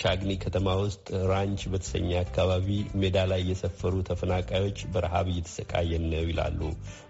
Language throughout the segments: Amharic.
ቻግኒ ከተማ ውስጥ ራንች በተሰኘ አካባቢ ሜዳ ላይ የሰፈሩ ተፈናቃዮች በረሃብ እየተሰቃየን ነው ይላሉ።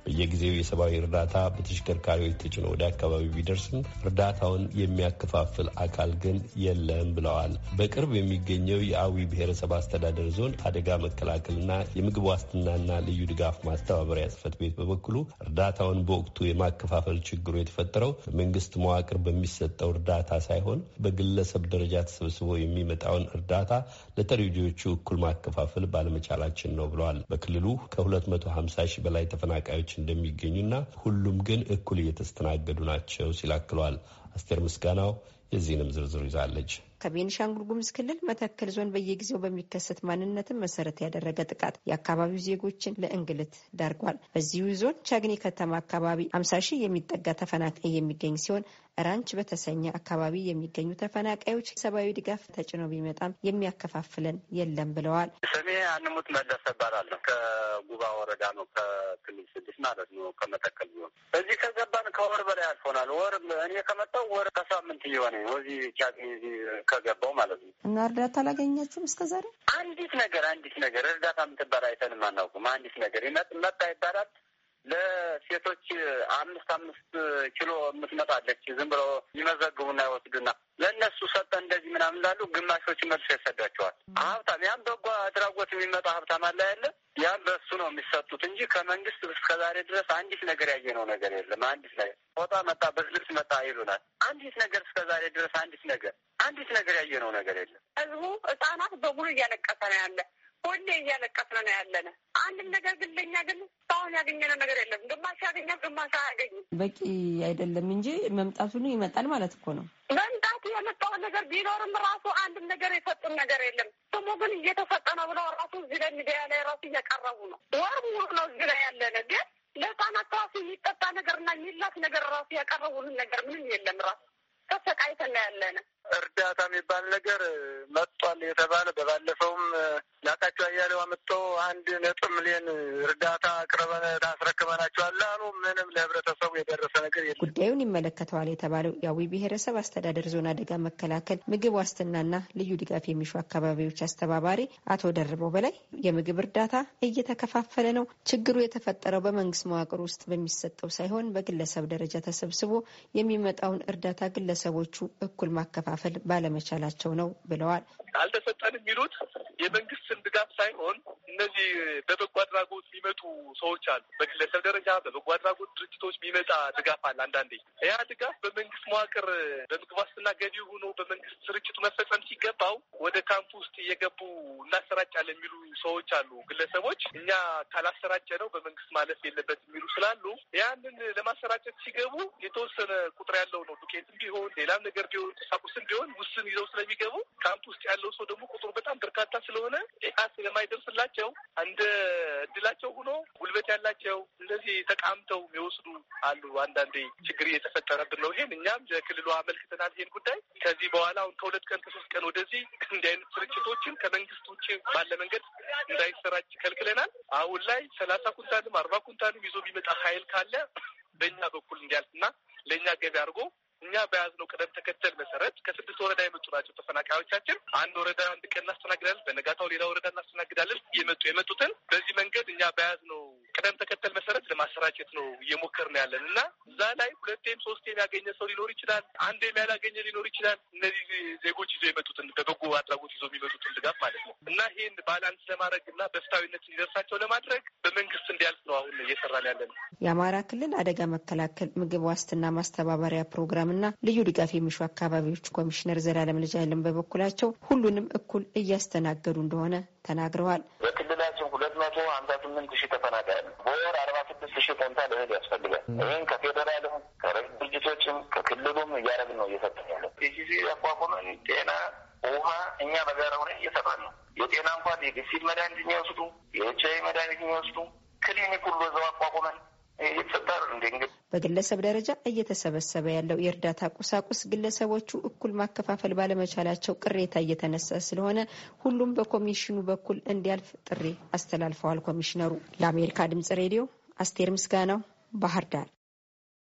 በየጊዜው የሰብአዊ እርዳታ በተሽከርካሪዎች ተጭኖ ወደ አካባቢ ቢደርስም እርዳታውን የሚያከፋፍል አካል ግን የለም ብለዋል። በቅርብ የሚገኘው የአዊ ብሔረሰብ አስተዳደር ዞን አደጋ መከላከልና የምግብ ዋስትናና ልዩ ድጋፍ ማስተባበሪያ ጽፈት ቤት በበኩሉ እርዳታውን በወቅቱ የማከፋፈል ችግሩ የተፈጠረው በመንግስት መዋቅር በሚሰጠው እርዳታ ሳይሆን በግለሰብ ደረጃ ተሰብስቦ የሚመጣውን እርዳታ ለተረጂዎቹ እኩል ማከፋፈል ባለመቻላችን ነው ብለዋል። በክልሉ ከ250 ሺህ በላይ ተፈናቃዮች እንደሚገኙና ሁሉም ግን እኩል እየተስተናገዱ ናቸው ሲል አክለዋል። አስቴር ምስጋናው የዚህንም ዝርዝር ይዛለች። ከቤኒሻንጉል ጉምዝ ክልል መተከል ዞን በየጊዜው በሚከሰት ማንነትን መሰረት ያደረገ ጥቃት የአካባቢው ዜጎችን ለእንግልት ዳርጓል። በዚሁ ዞን ቻግኒ ከተማ አካባቢ አምሳ ሺህ የሚጠጋ ተፈናቃይ የሚገኝ ሲሆን ራንች በተሰኘ አካባቢ የሚገኙ ተፈናቃዮች ሰብአዊ ድጋፍ ተጭኖ ቢመጣም የሚያከፋፍለን የለም ብለዋል። ስሜ አንሙት መለሰ እባላለሁ። ከጉባ ወረዳ ነው፣ ከክልል ስድስት ማለት ነው፣ ከመተከል ዞን እዚህ ከገባ ያልፎናል። ወር እኔ ከመጣው ወር ከሳምንት እየሆነ ወዚህ ቻግ ከገባው ማለት ነው። እና እርዳታ አላገኛችሁም እስከ ዛሬ? አንዲት ነገር አንዲት ነገር እርዳታ የምትባል አይተንም አናውቅም። አንዲት ነገር መጣ ይባላል። ለሴቶች አምስት አምስት ኪሎ የምትመጣለች ዝም ብሎ ይመዘግቡና ይወስዱና ለእነሱ ሰጠ እንደዚህ ምናምን ላሉ ግማሾች መልሶ ይሰዳቸዋል። ሀብታም ያም በጎ አድራጎት የሚመጣ ሀብታም አለ ያለ ያም በሱ ነው የሚሰጡት እንጂ ከመንግስት እስከዛሬ ድረስ አንዲት ነገር ያየነው ነገር የለም። አንዲት ነገር ፎጣ መጣ፣ በልብስ መጣ ይሉናል። አንዲት ነገር እስከዛሬ ድረስ አንዲት ነገር አንዲት ነገር ያየነው ነገር የለም። ህዝቡ ህጻናት በሙሉ እያለቀሰ ነው ያለ ሁሌ እያለቀስን ነው ያለን። አንድም ነገር ግን ለኛ ግን እስካሁን ያገኘነው ነገር የለም። ግማሽ ያገኛል፣ ግማሽ አያገኝም። በቂ አይደለም እንጂ መምጣቱን ይመጣል ማለት እኮ ነው። መምጣቱ የመጣውን ነገር ቢኖርም ራሱ አንድም ነገር የሰጡን ነገር የለም። ስሙ ግን እየተሰጠ ነው ብለው ራሱ እዚህ ለሚዲያ ላይ ራሱ እያቀረቡ ነው። ወር ሙሉ ነገር ራሱ ያቀረቡልን ነገር ምንም የለም። ራሱ ተሰቃይተን ያለነ እርዳታ የሚባል ነገር መጥቷል የተባለ በባለፈውም ላቃቸው አያሌው አምጥቶ አንድ ነጥብ ሚሊዮን እርዳታ አቅርበን ታስረክበናቸዋል አሉ። ምንም ለህብረተሰቡ የደረሰ ነገር የለም። ጉዳዩን ይመለከተዋል የተባለው የአዊ ብሔረሰብ አስተዳደር ዞን አደጋ መከላከል ምግብ ዋስትናና ልዩ ድጋፍ የሚሹ አካባቢዎች አስተባባሪ አቶ ደርበው በላይ የምግብ እርዳታ እየተከፋፈለ ነው። ችግሩ የተፈጠረው በመንግስት መዋቅር ውስጥ በሚሰጠው ሳይሆን በግለሰብ ደረጃ ተሰብስቦ የሚመጣውን እርዳታ ግለሰቦቹ እኩል ማከፋፈል መካፈል ባለመቻላቸው ነው ብለዋል። አልተሰጠን የሚሉት የመንግስትን ድጋፍ ሳይሆን እነዚህ በበጎ አድራጎት የሚመጡ ሰዎች አሉ። በግለሰብ ደረጃ በበጎ አድራጎት ድርጅቶች የሚመጣ ድጋፍ አለ። አንዳንዴ ያ ድጋፍ በመንግስት መዋቅር በምግብ ዋስትና ገቢ ሆኖ በመንግስት ስርጭቱ መፈጸም ሲገባው ወደ ካምፕ ውስጥ እየገቡ እናሰራጫለን የሚሉ ሰዎች አሉ። ግለሰቦች እኛ ካላሰራጨ ነው በመንግስት ማለፍ የለበት የሚሉ ስላሉ ያንን ለማሰራጨት ሲገቡ የተወሰነ ቁጥር ያለው ነው ዱቄትም ቢሆን ሌላም ነገር ቢሆን ቁሳቁስም ቢሆን ውስን ይዘው ስለሚገቡ ካምፕ ውስጥ ያለው ሰው ደግሞ ቁጥሩ በጣም በርካታ ስለሆነ ያ ስለማይደርስላቸው እንደ እድላቸው ሆኖ ጉልበት ያላቸው እንደዚህ ተቃምተው የሚወስዱ አሉ። አንዳንዴ ችግር እየተፈጠረብን ነው። ይሄን እኛም ለክልሉ አመልክተናል። ይሄን ጉዳይ ከዚህ በኋላ አሁን ከሁለት ቀን ከሶስት ቀን ወደዚህ እንዲህ አይነት ስርጭቶችን ከመንግስት ውጭ ባለ መንገድ እንዳይሰራጭ ከልክለናል። አሁን ላይ ሰላሳ ኩንታንም አርባ ኩንታንም ይዞ ቢመጣ ኃይል ካለ በእኛ በኩል እንዲያልፍና ለእኛ ገቢ አድርጎ እኛ በያዝነው ቅደም ተከተል መሰረት ከስድስት ወረዳ የመጡ ናቸው ተፈናቃዮቻችን። አንድ ወረዳ አንድ ቀን እናስተናግዳለን፣ በነጋታው ሌላ ወረዳ እናስተናግዳለን። የመጡ የመጡትን በዚህ መንገድ እኛ በያዝነው ቅደም ተከተል መሰረት ለማሰራጨት ነው እየሞከር ነው ያለን እና እዛ ላይ ሁለቴም ሶስቴም ያገኘ ሰው ሊኖር ይችላል። አንዴም ያላገኘ ሊኖር ይችላል። እነዚህ ዜጎች ይዞ የመጡትን በበጎ አድራጎት ይዞ የሚመጡትን ድጋፍ ማለት ነው እና ይህን ባላንስ ለማድረግ እና በፍታዊነት እንዲደርሳቸው ለማድረግ በመንግስት እንዲያልፍ ነው አሁን እየሰራን ያለን። ነው። የአማራ ክልል አደጋ መከላከል ምግብ ዋስትና ማስተባበሪያ ፕሮግራም እና ልዩ ድጋፍ የሚሹ አካባቢዎች ኮሚሽነር ዘላለም ልጅ በበኩላቸው ሁሉንም እኩል እያስተናገዱ እንደሆነ ተናግረዋል። ሁለት መቶ ሀምሳ ስምንት ሺህ ተፈናቃይ ነው። በወር አርባ ስድስት ሺህ ኩንታል እህል ያስፈልጋል። ይህን ከፌዴራልም ከረጅ ድርጅቶችም ከክልሉም እያደረግን ነው እየሰጠን ያለ ሲሲ ያቋቁመን ጤና፣ ውሃ እኛ በጋራ ሆነ እየሰራን ነው። የጤና እንኳን የግሲል መድኃኒት የሚወስዱ የኤች አይ መድኃኒት የሚወስዱ ክሊኒክ ሁሉ እዛው አቋቁመን በግለሰብ ደረጃ እየተሰበሰበ ያለው የእርዳታ ቁሳቁስ ግለሰቦቹ እኩል ማከፋፈል ባለመቻላቸው ቅሬታ እየተነሳ ስለሆነ ሁሉም በኮሚሽኑ በኩል እንዲያልፍ ጥሪ አስተላልፈዋል። ኮሚሽነሩ ለአሜሪካ ድምጽ ሬዲዮ አስቴር ምስጋናው ባህር ዳር።